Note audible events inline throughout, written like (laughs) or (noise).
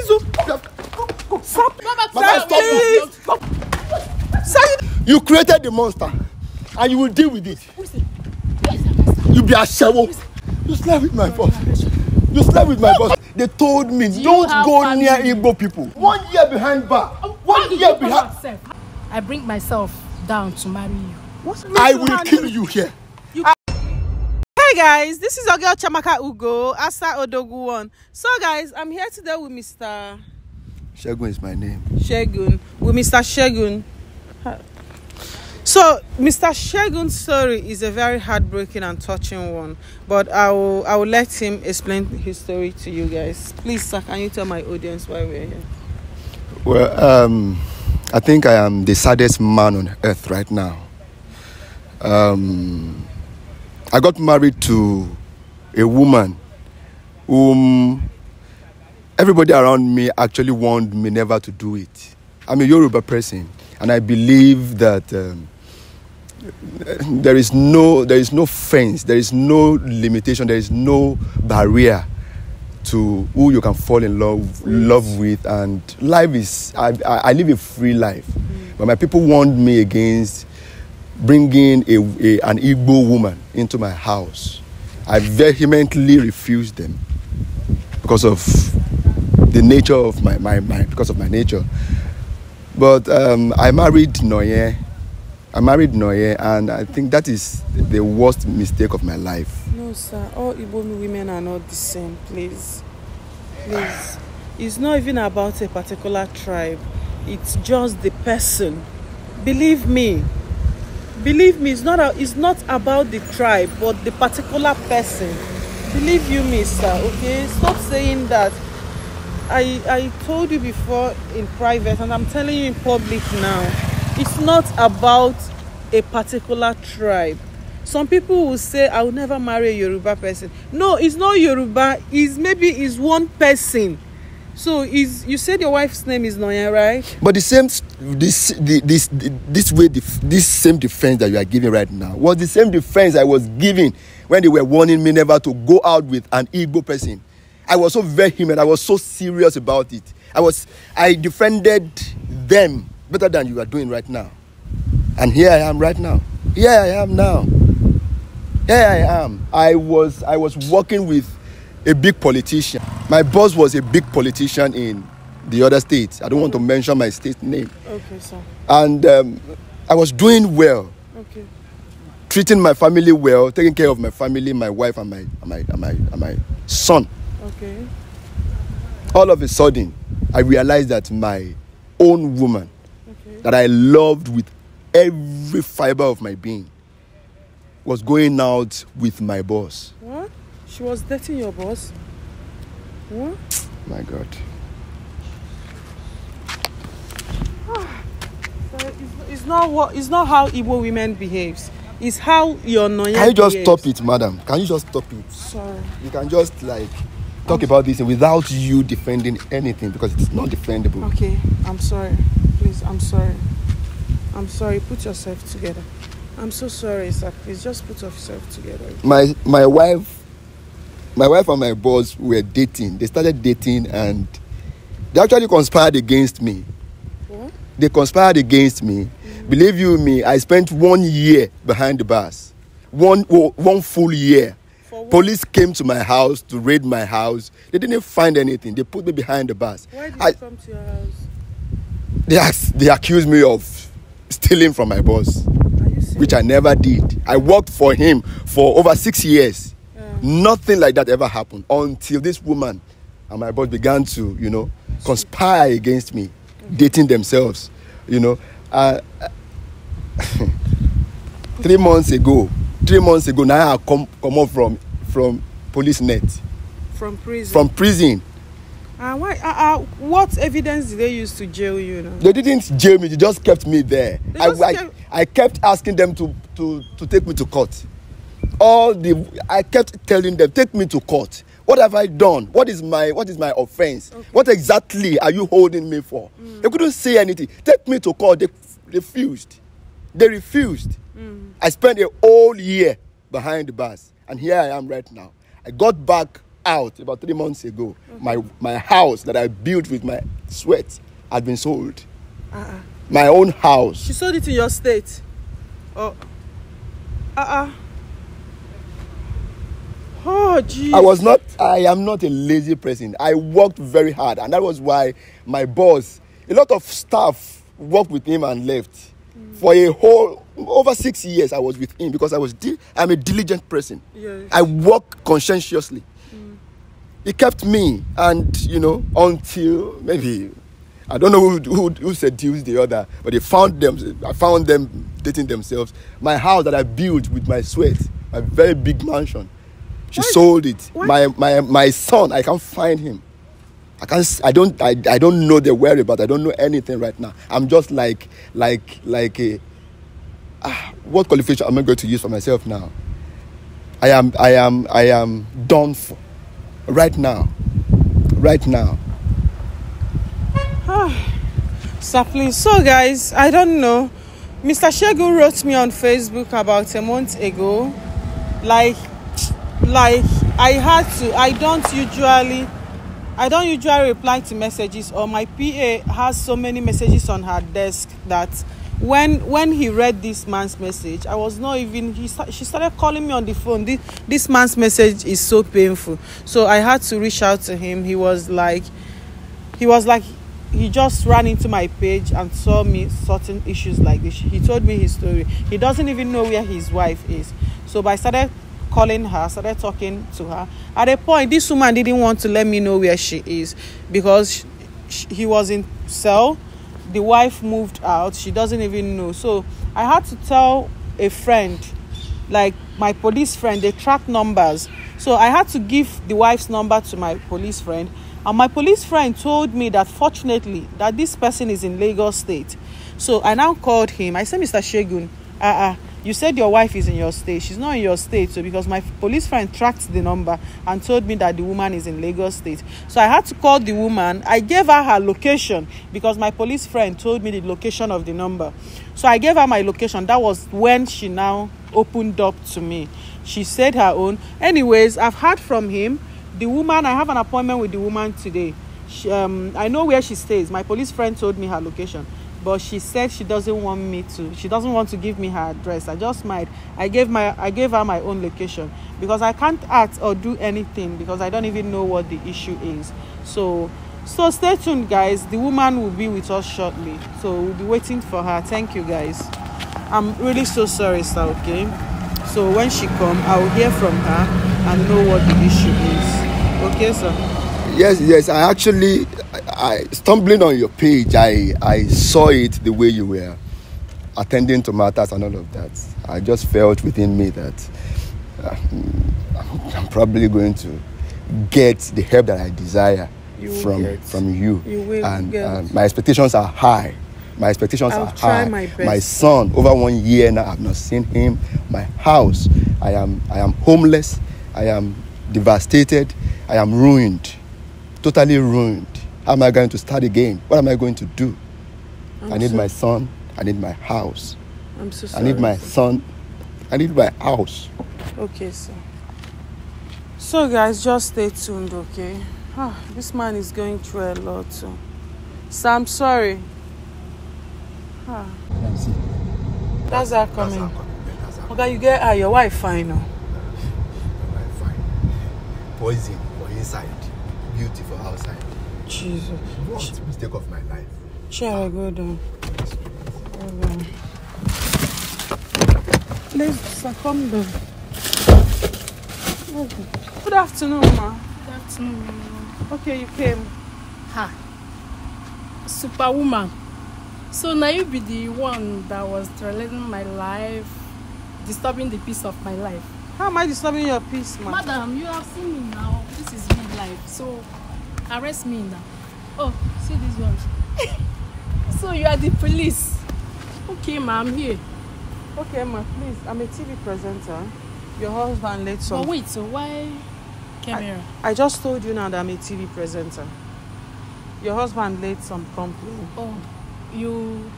please, oh. stop, Mama, Mama, stop, please. stop. You created the monster, and you will deal with it. You be a shadow. You slept with my boss. You slept with my boss. They told me Do don't go family? near Igbo people. One year behind bar. One year behind. I bring myself down to marry you. What's I will kill you here. hi guys this is our girl chamaka ugo asa odogu one so guys i'm here today with mr shegun is my name shegun with mr shegun so mr shegun's story is a very heartbreaking and touching one but i will i will let him explain his story to you guys please sir can you tell my audience why we're here well um i think i am the saddest man on earth right now um I got married to a woman whom everybody around me actually warned me never to do it. I'm a Yoruba person, and I believe that um, there is no there is no fence, there is no limitation, there is no barrier to who you can fall in love love with, and life is I, I live a free life, mm-hmm. but my people warned me against bringing a, a, an Igbo woman into my house. I vehemently refused them because of the nature of my, my, my because of my nature. But um, I married Noye. I married Noye, and I think that is the worst mistake of my life. No, sir. All Igbo women are not the same. Please, please. It's not even about a particular tribe. It's just the person. Believe me, believe me it's not a, it's not about the tribe but the particular person believe you me sir okay stop saying that i i told you before in private and i'm telling you in public now it's not about a particular tribe some people will say i will never marry a yoruba person no it's not yoruba it's maybe it's one person So is you said your wife's name is Noya, right? But the same this this this this way the, this same defense that you are giving right now was the same defense I was giving when they were warning me never to go out with an evil person. I was so vehement. I was so serious about it. I was I defended them better than you are doing right now. And here I am right now. Here I am now. Here I am. I was I was working with a big politician. My boss was a big politician in the other states. I don't want to mm. mention my state name. Okay, sir. And um, I was doing well. Okay. Treating my family well, taking care of my family, my wife, and my, and my, and my, and my son. Okay. All of a sudden, I realized that my own woman, okay. that I loved with every fiber of my being, was going out with my boss. What? She was dating your boss. What? My God. Ah, it's not what it's not how Igbo women behaves. It's how your noya. Can you just stop it, madam? Can you just stop it? Sorry. You can just like talk I'm about this without you defending anything because it's not defendable. Okay, I'm sorry. Please, I'm sorry. I'm sorry. Put yourself together. I'm so sorry, sir. Please just put yourself together. My my wife my wife and my boss were dating. They started dating and they actually conspired against me. Yeah. Hmm? They conspired against me. Mm-hmm. Believe you me, I spent one year behind the bars. One, oh, one full year. Police came to my house to raid my house. They didn't find anything. They put me behind the bars. Why did I, they come to your house? They, asked, they accused me of stealing from my boss, which I never did. I worked for him for over six years. Nothing like that ever happened until this woman and my boss began to, you know, conspire against me, dating themselves, you know. Uh, uh (laughs) three months ago, three months ago, now I come come up from from police net. From prison. From prison. Uh, why, uh, uh, what evidence did they use to jail you? Now? They didn't jail me. They just kept me there. I, kept... I, I kept asking them to, to, to take me to court all the I kept telling them, take me to court. What have I done? What is my what is my offense? Okay. What exactly are you holding me for? Mm. They couldn't say anything. Take me to court. They refused. They refused. Mm. I spent a whole year behind the bars, and here I am right now. I got back out about three months ago. Okay. My my house that I built with my sweat had been sold. Uh-uh. My own house. She sold it in your state. Oh. Uh uh. Oh, geez. I was not, I am not a lazy person. I worked very hard, and that was why my boss, a lot of staff worked with him and left. Mm. For a whole over six years, I was with him because I was di- I'm a diligent person. Yes. I work conscientiously. Mm. He kept me, and you know, until maybe I don't know who, who, who seduced the other, but they found them. I found them dating themselves. My house that I built with my sweat, a very big mansion. She what? sold it. What? My my my son, I can't find him. I can't. I don't. I, I don't know the But I don't know anything right now. I'm just like like like a. Ah, what qualification am I going to use for myself now? I am. I am. I am done for. Right now. Right now. Ah, Sapling. So guys, I don't know. Mr. Shegu wrote me on Facebook about a month ago. Like like i had to i don't usually i don't usually reply to messages or my pa has so many messages on her desk that when when he read this man's message i was not even he she started calling me on the phone this this man's message is so painful so i had to reach out to him he was like he was like he just ran into my page and saw me certain issues like this he told me his story he doesn't even know where his wife is so i started calling her, started talking to her. At a point, this woman didn't want to let me know where she is because she, he was in cell. The wife moved out. She doesn't even know. So I had to tell a friend, like my police friend, they track numbers. So I had to give the wife's number to my police friend. And my police friend told me that fortunately that this person is in Lagos State. So I now called him. I said, Mr. Shegun, uh uh-uh you said your wife is in your state she's not in your state so because my police friend tracked the number and told me that the woman is in lagos state so i had to call the woman i gave her her location because my police friend told me the location of the number so i gave her my location that was when she now opened up to me she said her own anyways i've heard from him the woman i have an appointment with the woman today she, um, i know where she stays my police friend told me her location but she said she doesn't want me to she doesn't want to give me her address i just might i gave my i gave her my own location because i can't act or do anything because i don't even know what the issue is so so stay tuned guys the woman will be with us shortly so we'll be waiting for her thank you guys i'm really so sorry sir okay so when she come i will hear from her and know what the issue is okay sir yes yes i actually I stumbling on your page, I I saw it the way you were attending to matters and all of that. I just felt within me that uh, I'm probably going to get the help that I desire you from from you. you and uh, my expectations are high. My expectations I'll are high. My, my, son, over one year now, I've not seen him. My house, I am I am homeless. I am devastated. I am ruined, totally ruined. How am I going to start again? What am I going to do? I'm i need so my son. I need my house. I'm so sorry. I need my son. I need my house. Okay, sir. So, guys, just stay tuned, okay? Ah, this man is going through a lot. So, so I'm sorry. Ah. That's our coming. Okay, you get her. Your wife fine now. Poison for inside, beautiful outside. Jesus. What mistake of my life? Sure, go down. Please, sir, come down. Good afternoon, ma. Good afternoon, Okay, you came. Ha. Superwoman. So now you be the one that was threatening my life, disturbing the peace of my life. How am I disturbing your peace, ma? Madam, you have seen me now. This is my life. So arrest me now. Oh, see this one. (laughs) so you are the police. Okay, ma, I'm here. Okay, ma, please. I'm a TV presenter. Your husband let some. But wait, so why camera? I, I just told you now that I'm a TV presenter. Your husband laid some complaint. Oh, you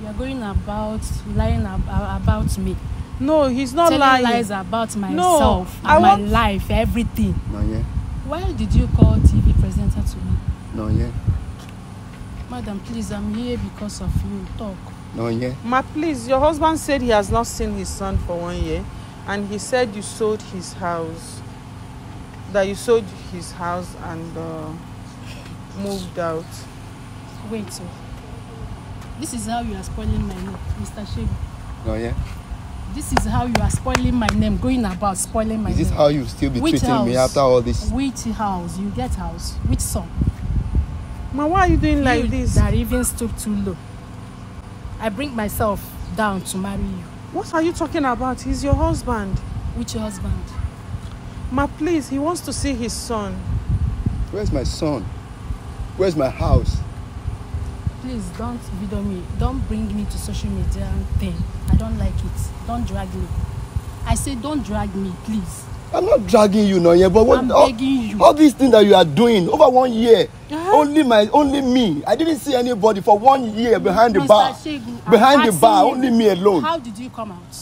you're going about lying ab- about me. No, he's not Telling lying. lies about myself, no, and I my life, everything. Manye, Why did you call TV presenter to me? No, yeah. Madam, please, I'm here because of you. Talk. No, yeah. Ma, please, your husband said he has not seen his son for one year, and he said you sold his house. That you sold his house and uh, moved out. Wait, so this is how you are spoiling my mood, Mr. Shebu. yeah this is how you are spoiling my name going about spoiling my is name. is this how you still be which treating house? me after all this. which house you get house which son. ma why are you doing you like this. you that even stoop too low i bring myself down to marry you. what are you talking about he's your husband. which husband. ma please he wants to see his son. where's my son where's my house please don't video me don't bring me to social media thing i don't like it don't drag me i say don't drag me please. i'm not dragging you no yẹn but what, I'm all, you. all these things that you are doing over one year uh -huh. only my only me i didn't see anybody for one year behind Mr. the bar Shegun, behind the bar only me alone. how did you come out.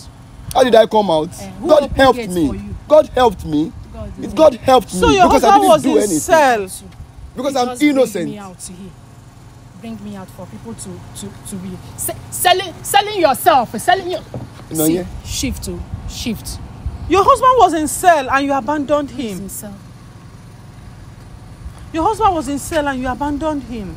how did i come out. Uh, god helped me god helped me. God, it god helped me so your husband was in cell. because he i'm innocent bring me out for people to to to be Se selling selling yourself selling you. no, see yeah. shift to oh, shift. your husband was in cell and you abandoned him. in cell. your husband was in cell and you abandoned him.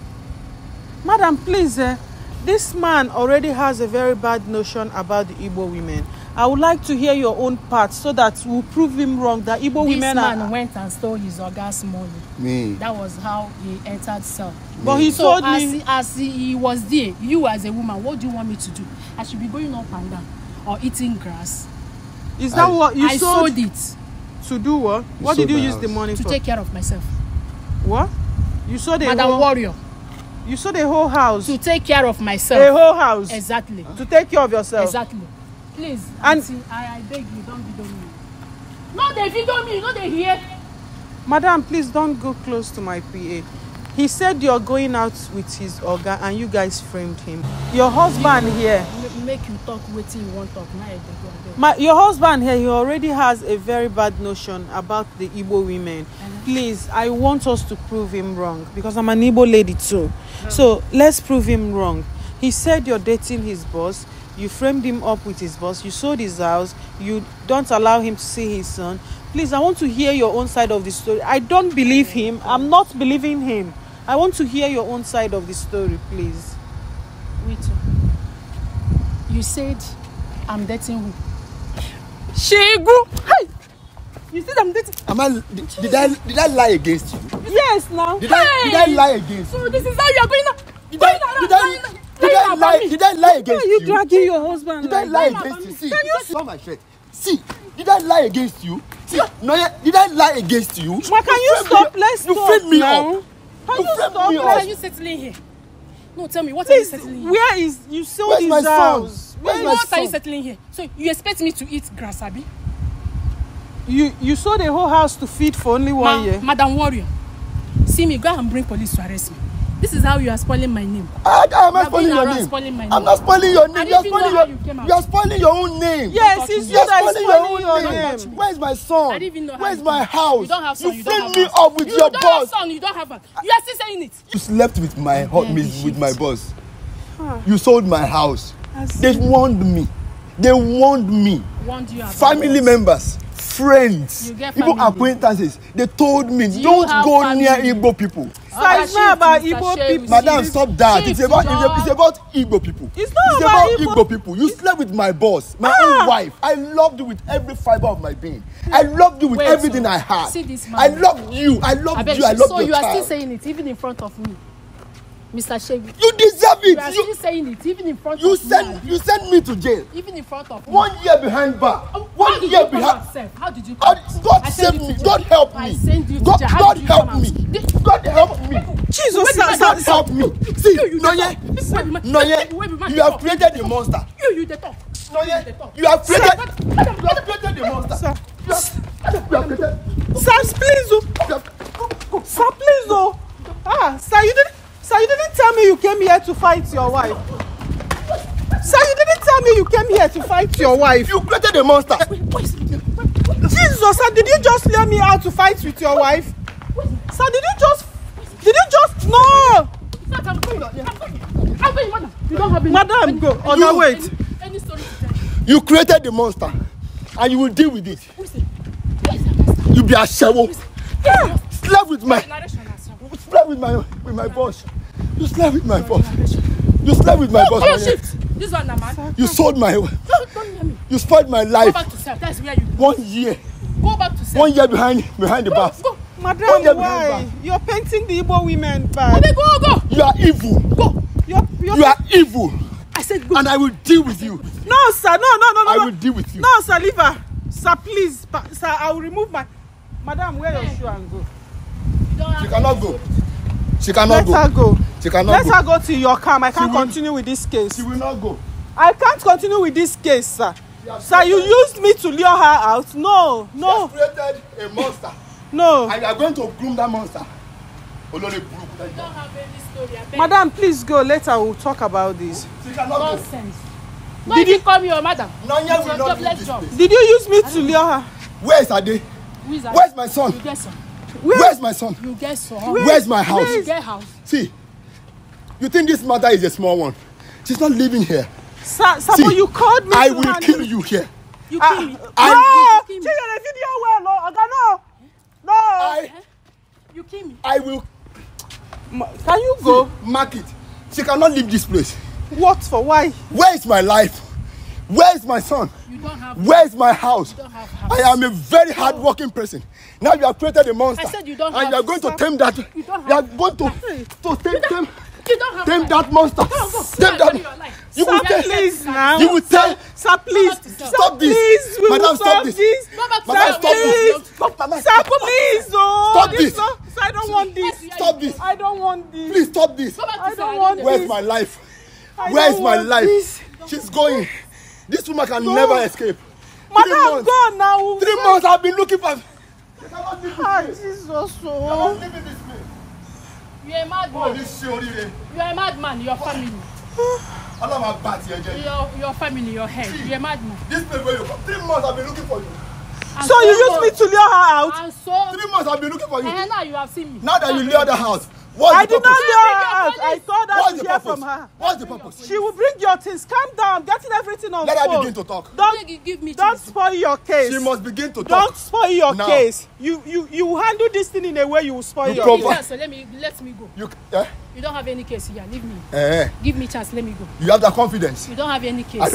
madam please eh, this man already has a very bad notion about the Igbo women. I would like to hear your own part so that we'll prove him wrong that Igbo this man went and stole his Oga's money. Me. That was how he entered cell. But he so told as, me as he was there, you as a woman, what do you want me to do? I should be going up and down or eating grass. Is that I, what you I sold, sold it? To do what? You what did you use the money to for? To take care of myself. What? You sold a Madam whole, Warrior. You sold a whole house. To take care of myself. A whole house. Exactly. Huh? To take care of yourself. Exactly please and auntie i i beg you don't video me no they video me no they hear. madam please don't go close to my pa he said you're going out with his oga and you guys framed him your husband you, here make you talk wetin you wan talk now my your husband here he already has a very bad notion about the igbo women uh-huh. please i want us to prove him wrong because i'm an igbo lady too uh-huh. so let's prove him wrong he said you're dating his boss you framed him up with his boss you sold his house you don't allow him to see his son please i want to hear your own side of the story i don't believe him i'm not believing him i want to hear your own side of the story please me too you said i'm dating who shegu hey you said i'm dating am i did, i did i lie against you yes now did hey. i did i lie against you so this is how you are going to? going i did lie he didn't lie against you. Why are you dragging your husband? He didn't lie against you. See, Can you see? my shirt. See, did I lie against you? See, no, did I lie against you? Why can you, stop? Let's you stop. You fed me now. up. you, you stop? Me Where up. are you settling here? No, tell me, what Please, are you settling here? Where is you sold Where's his house? Where's Where my what son? are you settling here? So you expect me to eat grass, Abby? You you sold the whole house to feed for only one Ma, year. Madam Warrior, see me, go and bring police to arrest me this is how you are spoiling my name. I, am not spoiling your name. spoiling my name. I'm not spoiling your name. you are spoiling your, you, you are spoiling your own name. Yes, it's you that is spoiling your own name. name. Where is my son? I didn't even know. Where is my house? You don't have son. You, you filled me up with you your boss. You don't have son. You don't have one. You are still saying it. You slept with my hot yeah, with, with my boss. You sold my house. They warned me. They warned me. Warned you about Family members friends igbo acquaintances they told me don't go near igbo people So it's not about Igbo people. Madam, stop that. It's about, it's about Igbo people. It's not it's about, about Igbo people. You slept with my boss, my ah. own wife. I loved you with every fiber of my being. I hmm. loved you with Wait, everything so, I had. See this man. I loved you. I loved I you. I loved you. So you are still saying it even in front of me. Mr. Shebi. You deserve it. You are still saying it even in front you of send, me. You send me to jail. Even in front of One me. year behind bar. Um, One year behind. How did you come out? God I save me. God help me. I send you God, God help me. God help me. Jesus, God help me. See, Noye, Noye, you have created a monster. You, you the talk. Noye, you have created, you have created a monster. Sir, please, oh. Sir, please, oh. Ah, sir, you didn't. Sir, you didn't tell me you came here to fight your wife. Sir, you didn't tell me you came here to fight your wife. You created a monster. Eh, Jesus, sir, did you just lure me out to fight with your wife? Sir, did you just... Did you just... No! Madam, go. Oh, no, wait. You created the monster and you will deal with it. You be a shawo. Yeah. Slap with my... Slap with my, with my boss. You slept with my boss. You slept with my boss. boss. on shift. This one, man. You sold my. don't hear me. You spoiled my life. Go back to self. That's where you. Go. One year. Go back to self. One year behind behind the bars. Go. Madam, why? You're painting the Igbo women bad. Go, go, go. You are evil. Go. You're, you're you are evil. I said go. And I will deal with you. No, sir. No, no, no, no. I will deal with you. No, sir. Leave her. Sir, please. Sir, I will remove my. Madam, wear your shoe and go. You cannot go. She cannot Let go. Let her go. She cannot Let go. her go to your camp. I can't continue with this case. She will not go. I can't continue with this case, sir. Sir, you used me to lure her out. No, no. She has created a monster. no. I am going to groom that monster. Olori Burúkú. We don't have any story. madam, please go. Later we'll talk about this. She cannot Nonsense. go. Why did, did you call me your madam? Nanya will not leave this place. Did you use me to lure her? Where is Ade? Where is my son? You get Where? is my son? You get Where? is my house? You get See. You think this matter is a small one? She's not living here. Sir, Sabo, See, you called me. I will handle. kill you here. You ah, kill me. Ah, I, no, kill me. no, no. I, eh? you kill me. I will. Can you go? See, mark it. She cannot leave this place. What for? Why? Where is my life? Where is my son? You don't have. Where is my house? You don't have house? I am a very hardworking person. Now you have created a monster. I said you don't and have. And you are going to tame that. You don't have. You are going to to tame. tame Tame that monster. Tame that. You will tell. Please now. You will tell. Sir, please. Stop this. Madam, stop this. Madam, stop this. Stop, Mama. Sir, please. Stop this. Sir, oh. I don't want this. Stop this. I don't want this. Please stop this. I don't want this. Where's my life? Where's my life? She's going. This woman can never escape. Madam, go now. Three months I've been looking for. Ah, Jesus. Oh. You are a madman. Oh, this You are a madman, your family. Ọlọ́run máa bá tiẹ̀ Your your family, your head. See, you are a madman. This place where you come, three months I've been looking for you. And so, so you used me to lure her out? And so, three months I've been looking for you. And now you have seen me. Now that you lure the house, What's I did not know her I saw that What's share from her. What's the purpose? She will bring your things. Calm down. Getting everything on Let her begin to talk. Don't, give me don't spoil your case. She must begin to talk. Don't spoil your now. case. You, you, you handle this thing in a way you will spoil you your case. so let me, let me go. You, eh? you don't have any case here. Leave me. Eh. Give me chance. Let me go. You have that confidence? You don't have any case.